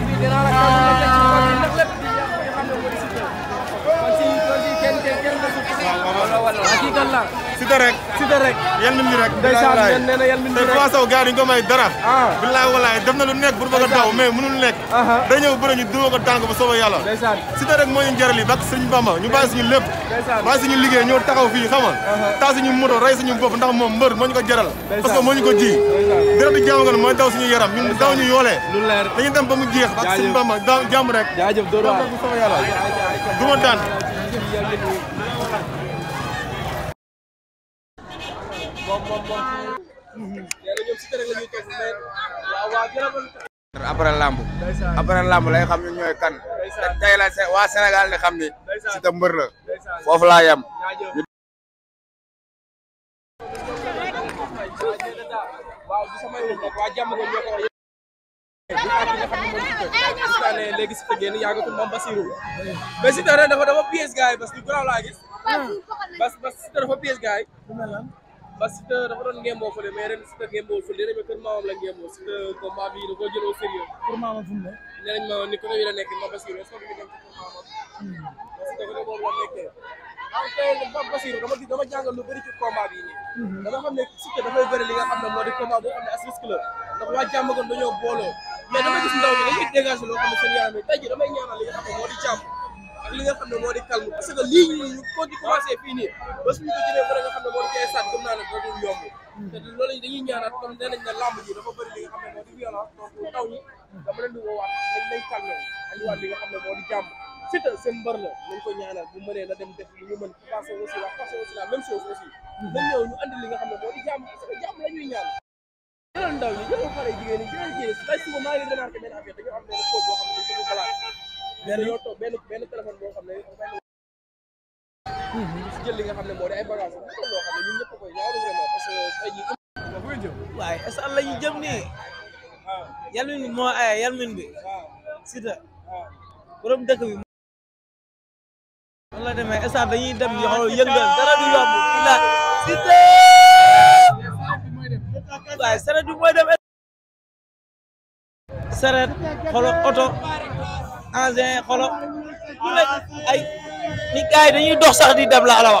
bi kii la. Siteu rek. Siteu rek. yal nañu yal nee na yal nañu rek te Papa Sow gars yi ñu ko may dara. Ah. bilaay walaay def na lu nekk a daw mais ko tànk ba soobee yàlla. ndeysaan Siteu rek moo ñu jaral bak sëñ ñu bàyyi suñu lépp. ndeysaan bàyyi suñu liggéey ñëw taxaw fii xam nga. taa suñu moo ñu ko jaral. parce que moo ñu ko ji. dërët di jàmm gan mooy daw suñu yaram ñun daw ñu yoolee. lu leer ba mu jeex. bak sëñ Bamba jàmm rek. duma daan après lamb après lamb lay xam ñooy kan waa Sénégal di xam ni Siteu mbër la foofu laa yem waaw dafa dafa pièce gars yi parce laa gis parce que Siteu dafa pièce gars yi ba Siteu dafa doon ngémboo fële mais ren Siteu ngémboo fële dina demee kër maamam la ngémboo Siteu combat bi da koo jël au sérieux. kër maamam fu mu ne. nee nañ ma ni côté yi la nekk ma Basirou est-ce que du ñu dem ci kër maamam. Hmm. parce que côté boobu la nekkee. waaw ah, tey ba Basirou dama gis dama jàngal lu bëri ci combat bi nii. Hmm. dama xam ne Siteu dafay bëri li nga xam ne moo di combat boo xam ne as risque la ndax waa jàmbagoon dañoo booloo mais dama gis ndaw ñi dañuy dégager loo xam ne seen yaram yi tey jii damay ñaanal li nga xam ne moo di jàmm li nga xam ne moo di calme parce que lii ñu ñu ko di commencé fii nii ba suñu ko jëlee ba nga xam ne moo di koy sànni gëm naa ne dootu yomb. te loolu dañuy ñaanal comme nee nañ ne làmb ji dafa bëri li nga xam ne moo di violence donc taw ñi dama leen di woowaat nañ nañ calme andiwaat li nga xam ne moo di jàmm. Siteu seen mbër la nañ ko ñaanal bu mënee na dem def li ñu mën passé aussi la passé aussi la même chose aussi. nañ ñëw ñu andi li nga xam ne moo di jàmm parce que jàmm la ñuy ñaan. jëlal ndaw ñi jëlal xale jigéen ñi jëlal jigéen ñi tey suba maa ngi remarqué benn affaire dañoo am benn kóob boo xam ne dañ ko balaat dañoo toog benn benn téléphone boo xam ne benn li nga xam ne moo di ay bagages loo waaye est-ce ñu jëm nii yalmin bi moo eh, ay bi sita borom dëkk bi man la demee est-ce que dañuy dem ah, yoo xam yëngal oto engin xolo ay ni gars yi dox sax di dem la ala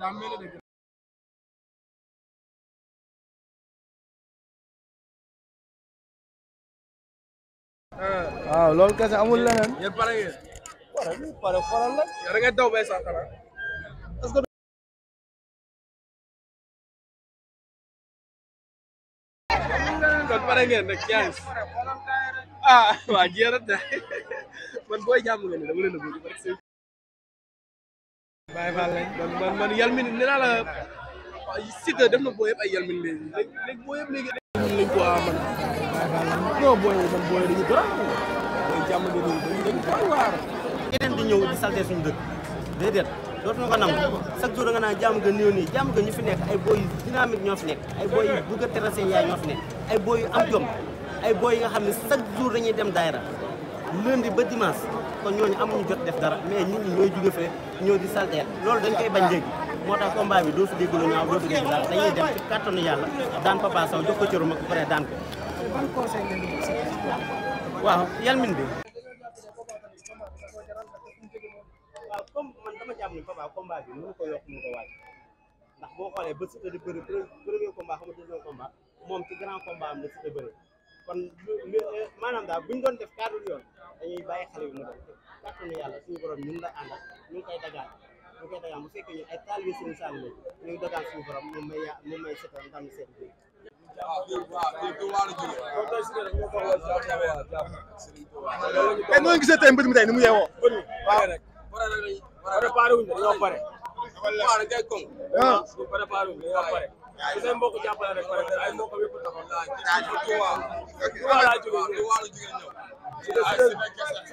daa mel ni dëgg waaw loolu kese amul leneen. yéen pare ngeen. pare ñu pare faral la. yow da ngay daw bay sax xanaa. est-ce que. kon pare ngeen nag jaay. ah waa jéem a man booy jàmm nga ni dama leen a bëgg Baye Fall lañ man man yalmin nee naa la na booy yëpp ay yalmin léegi léegi booy yëpp léegi. yalmin lañ ko ah man Baye Fall lañ non booy yi man booy yi dañu gën a booy jàmm di ñëw dañu dañu koy waar. keneen di ñëw di salté suñu dëkk déedéet dootuñu ko nangu nga naan jàmm ga néew nii jàmm ga ñu fi nekk ay booy yu dynamique ñoo fi nekk ay booy yu bëgg a terrassé yaay ñoo fi nekk ay booy yu am jom ay booy yu nga xam ne chaque jour dañuy dem daayra lundi kon ñooñu amuñu jot def dara mais nit ñi ñooy jóge fee ñëw di salteel loolu dañ koy bañ léegi moo tax combat bi doo fi dégg lu ñaaw doo fi dégg dara dañuy dem ci ko cërum ak pare daan ko bi waaw comme man dama jàpp ni Papa ko ndax boo xoolee ba Siteu di bëri premier combat xam nga deuxième am la Siteu bëri doon def cadre yoon ay bàyyi xale yu mu dem kàttanu la àndal ñu ngi koy dagaan ñu ngi koy dagaan bu fekkee ñun ay taalibe Sëriñ Saliou lañu ñu ngi dagaan suñu borom moom bi waaw bi waaw bi bi waalo jóge tey noo gisee tey mbir mi tey ni mu yeewoo su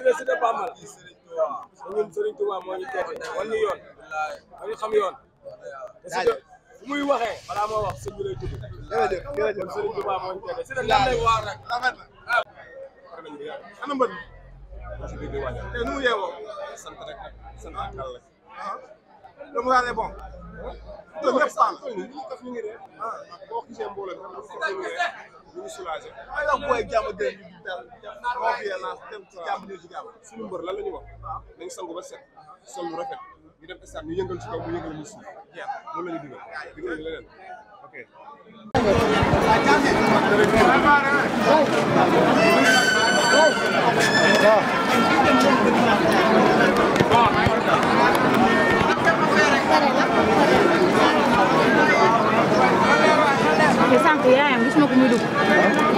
dee su dee Bambal ñun Serigne Touba moo ñu teete wan ñu yoon dañu xam yoon muy waxee balaa moo wax sëñ bi lay tudd jërëjëf jërëjëf Serigne Touba moo ñu teete si dañ lay waar rek rafet na ana mbër te nu mu yeewoo sant rek sant akal rek le moral est bon ñëpp sax ñu ngi rek boo gisee mbooloo bi bu ñu soulagé. waaw booy jàmm dem ci jàmm ñu ci jàmm. suñu mbër lan la ñu wax. nañ sangu ba set. sol lu rafet. ñu dem stade ñu mu yëngal ñu suuf. jeex loolu la ñu digal. digal leneen ok. sànq yaayam gis na ko muy dugg.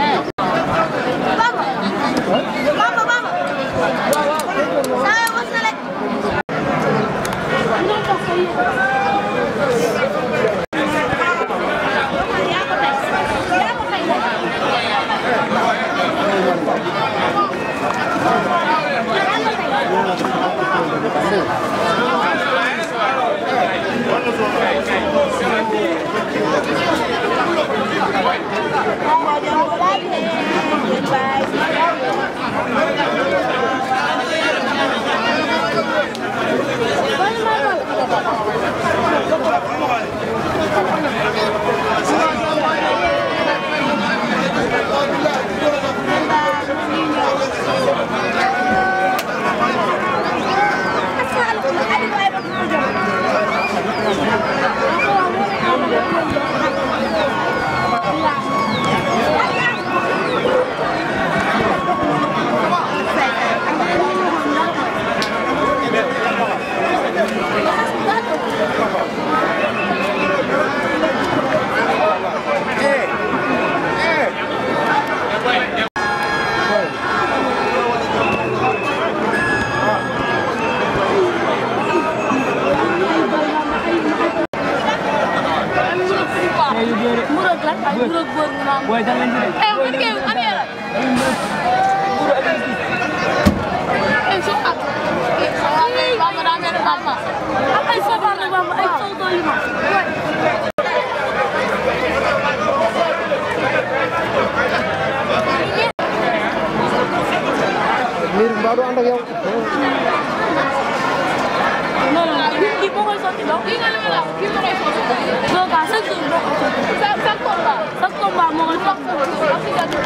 kii moo koy sotti ndox. kii nga li nga la kii moo koy sotti ndox. donc à chaque jour moo koy sotti. sa sa combat. sa combat moo koy sotti ndox.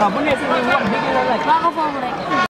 waaw bu nekk nii wax dëgg la rek. waaw foofu rek.